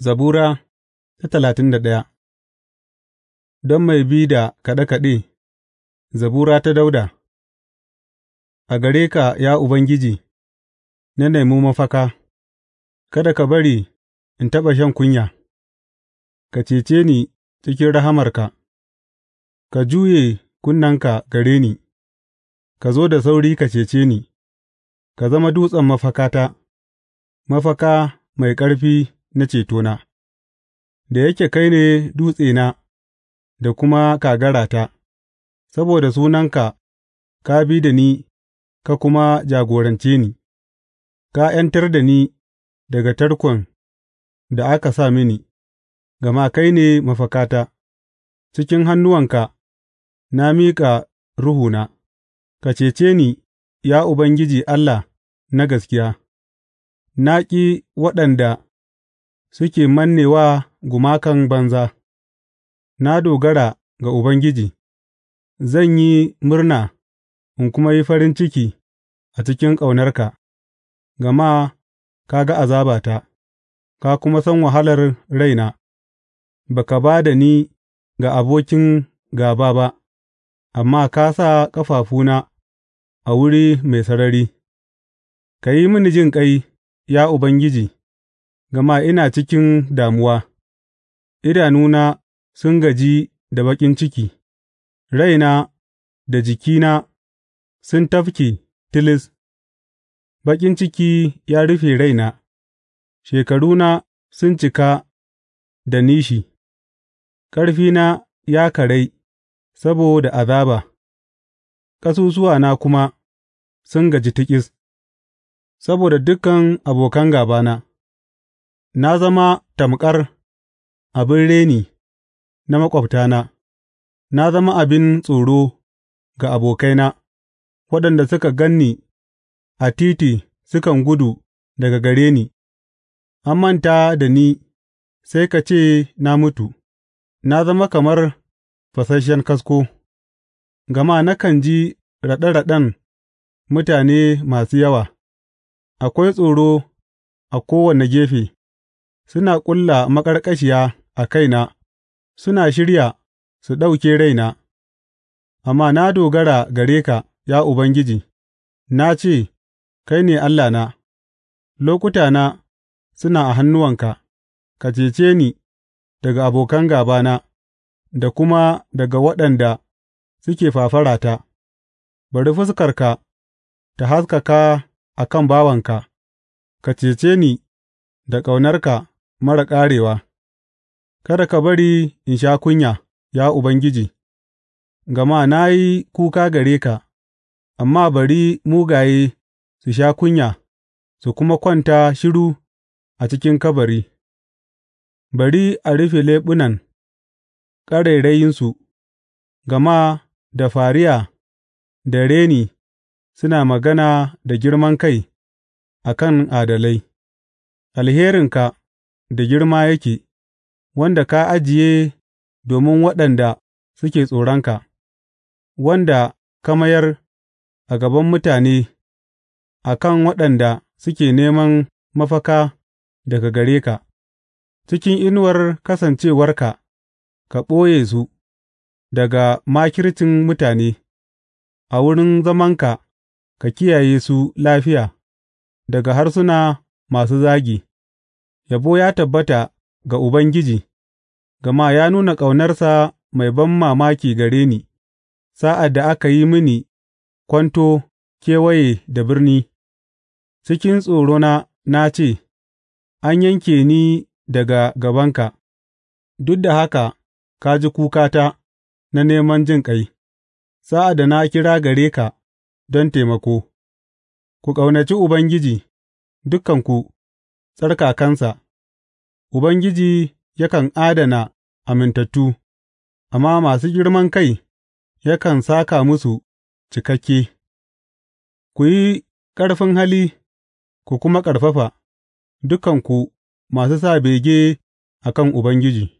Zabura ta talatin da ɗaya Don mai bi da kaɗe-kaɗe, Zabura ta Dauda A gare ka, ya Ubangiji, na nemi mafaka, kada ka bari in taɓa shan kunya, ka cece ni cikin rahamarka, ka juye kunnenka gare ni, ka zo da sauri ka cece ni, ka zama dutsen mafakata, mafaka mai ƙarfi. na cetona, da yake kai ne dutsena da kuma kagarata, saboda sunanka ka bi da ni ka kuma jagorance ni, ka ’yantar da ni daga tarkon da aka sa mini, gama kai ne mafakata, cikin hannuwanka na miƙa ruhuna, ka cece ni, ya Ubangiji Allah na gaskiya, na ƙi waɗanda suke manne wa gumakan banza, na dogara ga Ubangiji; zan yi murna in kuma yi farin ciki a cikin ƙaunarka, gama ka ga azabata ka kuma san wahalar raina, ba ka ba da ni ga abokin gaba ba, amma ka sa ƙafafuna a wuri mai sarari; ka yi mini jin ƙai ya Ubangiji. gama ina cikin damuwa; idanuna sun gaji da baƙin ciki, raina da jikina sun tafke tilis; baƙin ciki ya rufe raina, shekaruna sun cika da nishi, ƙarfina ya karai saboda azaba, ƙasusuwana kuma sun gaji tiƙis saboda dukan abokan gābana. Na zama tamƙar abin reni na maƙwabtana, na zama abin tsoro ga abokaina, waɗanda suka gan ni a titi sukan gudu daga gare ni; an manta da ni sai ka ce na mutu, na zama kamar fasasshen kasko, gama nakan ji raɗe raɗen mutane masu yawa, akwai tsoro a kowane gefe. Suna ƙulla maƙarƙashiya a kaina suna shirya su ɗauke raina, amma na dogara gare ka, ya Ubangiji; na ce, Kai ne Allahna, lokutana suna a hannuwanka, ka cece ni daga abokan gābana da kuma daga waɗanda suke fafarata; bari fuskarka ta haskaka a kan bawanka, ka cece ni da ƙaunarka. marar ƙarewa; kada ka bari in sha kunya, ya Ubangiji, gama na yi kuka gare ka, amma bari mugaye su sha kunya su kuma kwanta shiru a cikin kabari; bari a rufe leɓunan ƙarairayinsu, gama da fariya da reni suna magana da girman kai a kan adalai, alherinka. da girma yake, wanda ka ajiye domin waɗanda suke tsoronka, wanda ka mayar a gaban mutane a kan waɗanda suke neman mafaka daga gare ka, cikin inuwar kasancewarka ka ɓoye su daga makircin mutane, a wurin zamanka ka kiyaye su lafiya daga harsuna masu zagi. Yabo ya tabbata ga Ubangiji, gama ya nuna ƙaunarsa mai ban mamaki gare ni sa'ad da aka yi mini kwanto kewaye da birni; cikin tsorona na ce, An yanke ni daga gabanka, duk da haka ka ji kukata na neman jin ƙai. sa'ad da na kira gare ka don taimako. Ku ƙaunaci Ubangiji, dukanku. tsarkakansa; Ubangiji yakan adana amintattu, amma masu girman kai yakan saka musu cikakke Ku yi ƙarfin hali ku kuma ƙarfafa, dukanku masu sa bege a kan Ubangiji.